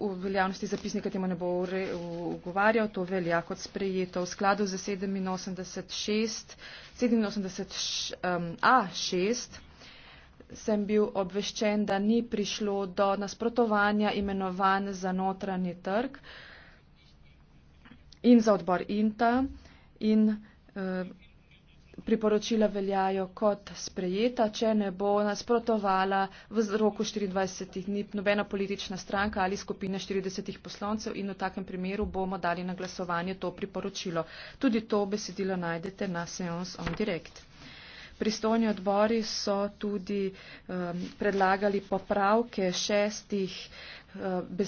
v veljavnosti zapisnika temu ne bo ugovarjal, to velja kot sprejeto v skladu za 87.6, 87.a.6. Sem bil obveščen, da ni prišlo do nasprotovanja imenovan za notranji trg in za odbor INTA in uh, priporočila veljajo kot sprejeta, če ne bo nasprotovala v roku 24 dni nobena politična stranka ali skupina 40 poslancev in v takem primeru bomo dali na glasovanje to priporočilo. Tudi to besedilo najdete na Seance on Direct. Pristojni odbori so tudi um, predlagali popravke šestih uh, besedil.